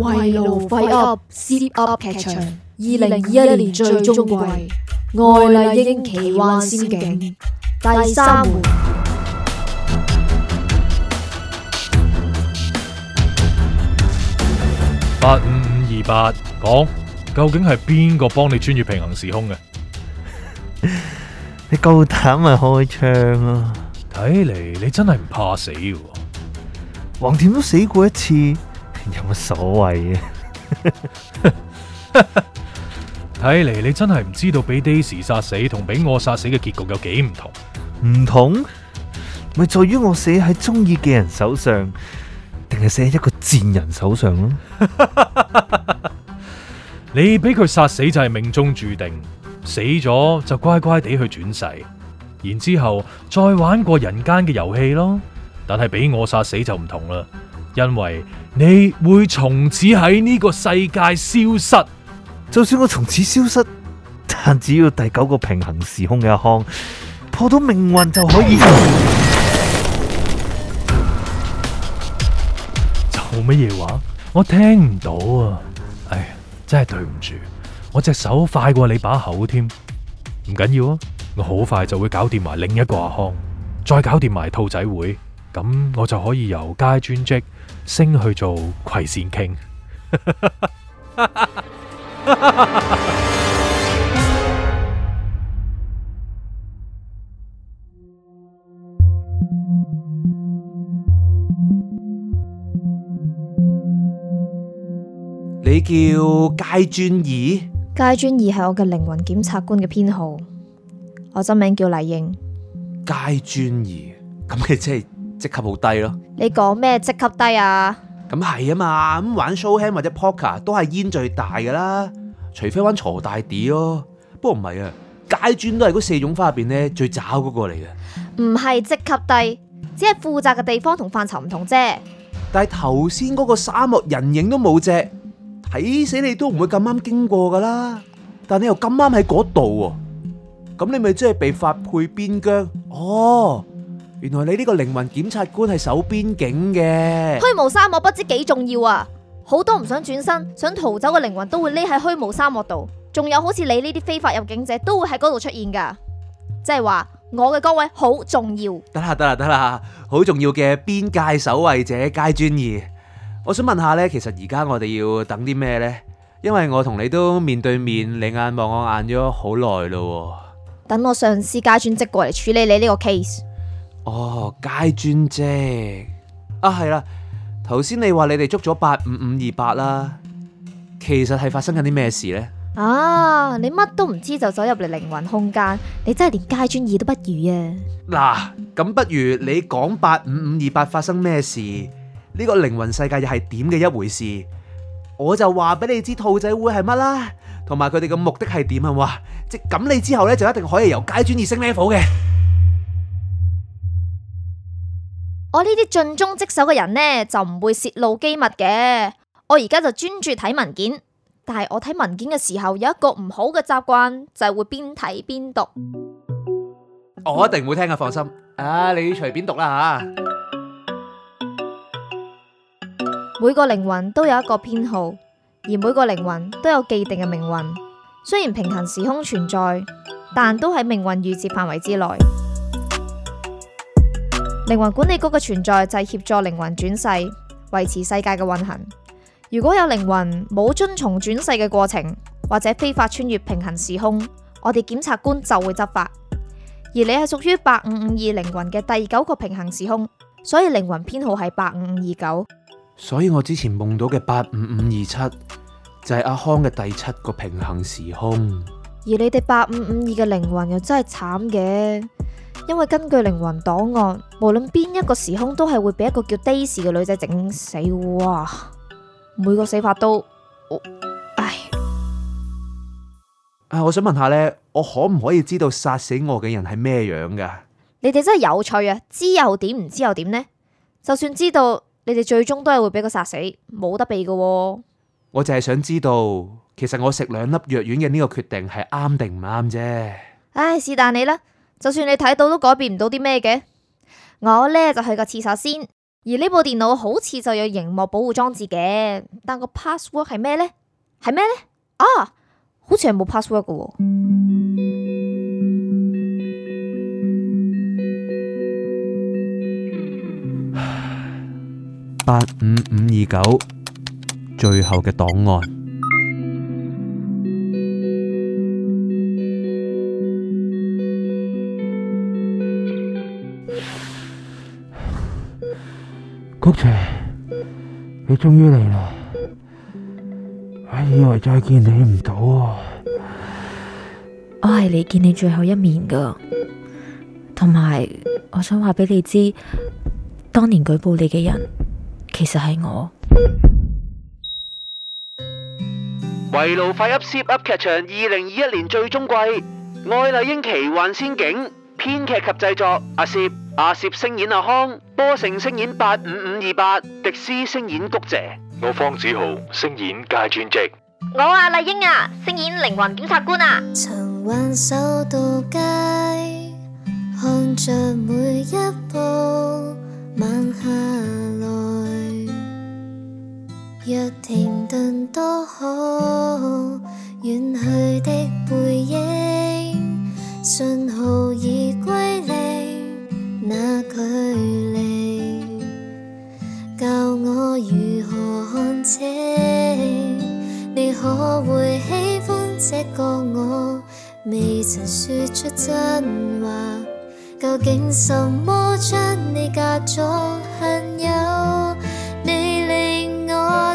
迷路快入，Zip 噏劇 ip 場，二零二一年最終季，愛麗英奇幻仙境，第三回。八五五二八，講究竟係邊個幫你穿越平衡時空嘅？ 你夠膽咪開槍啊？睇嚟你真係唔怕死嘅，橫掂、嗯、都死過一次。有乜所謂嘅？睇嚟你真係唔知道俾 Daisy 殺死同俾我殺死嘅結局有幾唔同，同，同？唔同咪在於我死喺中意嘅人手上，定係死喺一個賤人手上咯？ 你俾佢殺死就係命中注定，死咗就乖乖地去轉世，然之後再玩過人間嘅遊戲咯。但係俾我殺死就唔同啦。因為你會從此喺呢個世界消失，就算我從此消失，但只要第九個平行時空嘅阿康破到命運就可以。做乜嘢話？我聽唔到啊！哎，真係對唔住，我隻手快過你把口添。唔緊要啊，我好快就會搞掂埋另一個阿康，再搞掂埋兔仔會，咁我就可以由街專職升去做葵善傾 ， 你叫街尊儀，街尊儀係我嘅靈魂檢察官嘅編號，我真名叫麗英。街尊儀咁嘅即係。即級好低咯！你講咩即級低啊？咁係啊嘛，咁玩 show hand 或者 poker 都係煙最大噶啦，除非玩鋤大啲咯。不過唔係啊，階磚都係嗰四種花入邊咧最渣嗰個嚟嘅。唔係即級低，只係負責嘅地方同範疇唔同啫。但係頭先嗰個沙漠人影都冇隻，睇死你都唔會咁啱經過噶啦。但你又咁啱喺嗰度喎，咁你咪即係被發配邊疆哦？原來你呢個靈魂檢察官係守邊境嘅，虛無沙漠不知幾重要啊！好多唔想轉身、想逃走嘅靈魂都會匿喺虛無沙漠度，仲有好似你呢啲非法入境者都會喺嗰度出現噶。即係話我嘅崗位好重要。得啦得啦得啦，好重要嘅邊界守衛者皆專二。我想問下呢，其實而家我哋要等啲咩呢？因為我同你都面對面，你眼望我眼咗好耐咯。等我上司加專職過嚟處理你呢個 case。哦，街尊啫！啊，係啦，頭先你話你哋捉咗八五五二八啦，其實係發生緊啲咩事呢？啊，你乜都唔知就走入嚟靈魂空間，你真係連街尊二都不如啊！嗱，咁不如你講八五五二八發生咩事？呢個靈魂世界又係點嘅一回事？我就話俾你知，兔仔會係乜啦，同埋佢哋嘅目的係點啊！哇，即係咁你之後呢，就一定可以由街尊二升 level 嘅。我呢啲盡忠職守嘅人呢，就唔會泄露機密嘅。我而家就專注睇文件，但係我睇文件嘅時候有一個唔好嘅習慣，就係會邊睇邊讀。我一定會聽嘅，放心。啊，你隨便讀啦吓。每個靈魂都有一個編號，而每個靈魂都有既定嘅命運。雖然平行時空存在，但都喺命運預設範圍之內。靈魂管理局嘅存在就係協助靈魂轉世，維持世界嘅運行。如果有靈魂冇遵從轉世嘅過程，或者非法穿越平行時空，我哋檢察官就會執法。而你係屬於八五五二靈魂嘅第九個平行時空，所以靈魂編號係八五五二九。所以我之前夢到嘅八五五二七就係阿匡嘅第七個平行時空。而你哋八五五二嘅靈魂又真係慘嘅，因為根據靈魂檔案，無論邊一個時空都係會俾一個叫 Daisy 嘅女仔整死哇！每個死法都，我唉、啊，我想問下呢，我可唔可以知道殺死我嘅人係咩樣噶？你哋真係有趣啊！知又點，唔知又點呢？就算知道，你哋最終都係會俾佢殺死，冇得避噶、啊。我就係想知道，其實我食兩粒藥丸嘅呢個決定係啱定唔啱啫。唉，是但你啦，就算你睇到都改變唔到啲咩嘅。我呢，就去個廁所先，而呢部電腦好似就有熒幕保護裝置嘅，但個 password 係咩呢？係咩呢？啊，好似係冇 password 㗎喎。八五五二九。最後嘅檔案，谷姐，你終於嚟啦！我、哎、以為再見你唔到啊！ 我係嚟見你最後一面噶，同埋我想話俾你知，當年舉報你嘅人其實係我。圍爐快噏，Zip 噏劇場二零二一年最終季，愛麗英奇幻仙境，編劇及製作阿 Zip，阿 Zip 聲演阿康，波成聲演八五五二八，迪斯聲演谷姐，我方子豪聲演佳專席，我阿、啊、麗英啊，聲演靈魂檢察官啊。曾挽手渡街，看着每一步慢行。晚若停頓多好，遠去的背影，信號已歸零，那距離教我如何看清。你可會喜歡這個我？未曾說出真話，究竟什麼將你隔咗恨友？